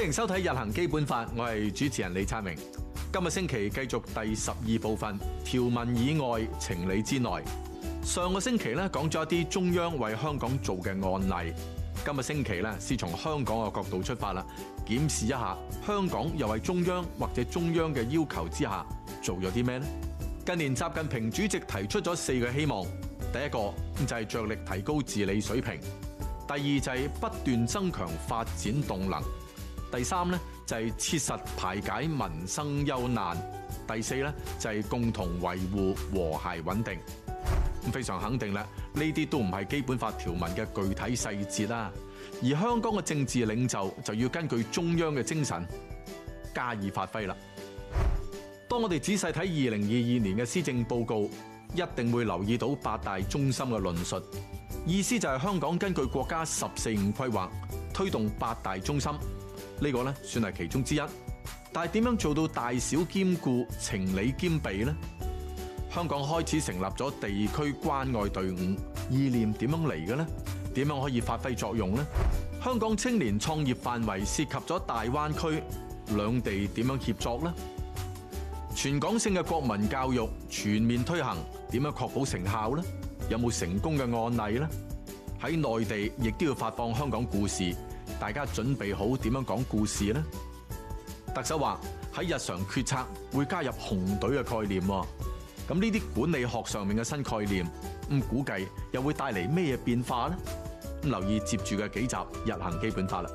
歡迎收睇《日行基本法》，我係主持人李燦明。今日星期繼續第十二部分條文以外，情理之內。上個星期咧講咗一啲中央為香港做嘅案例。今日星期咧先從香港嘅角度出發啦，檢視一下香港又為中央或者中央嘅要求之下做咗啲咩呢？近年習近平主席提出咗四個希望，第一個就係着力提高治理水平，第二就係不斷增強發展動能。第三咧就係切實排解民生憂難，第四咧就係共同維護和諧穩定。咁非常肯定啦，呢啲都唔係基本法條文嘅具體細節啦。而香港嘅政治領袖就要根據中央嘅精神加以發揮啦。當我哋仔細睇二零二二年嘅施政報告，一定會留意到八大中心嘅論述，意思就係香港根據國家十四五規劃推動八大中心。呢個咧算係其中之一，但係點樣做到大小兼顧、情理兼備呢？香港開始成立咗地區關愛隊伍，意念點樣嚟嘅呢？點樣可以發揮作用呢？香港青年創業範圍涉及咗大灣區，兩地點樣協作呢？全港性嘅國民教育全面推行，點樣確保成效呢？有冇成功嘅案例呢？喺內地亦都要發放香港故事。大家準備好點樣講故事咧？特首話喺日常決策會加入紅隊嘅概念喎。咁呢啲管理學上面嘅新概念，咁估計又會帶嚟咩嘢變化咧？咁留意接住嘅幾集《日行基本法》啦。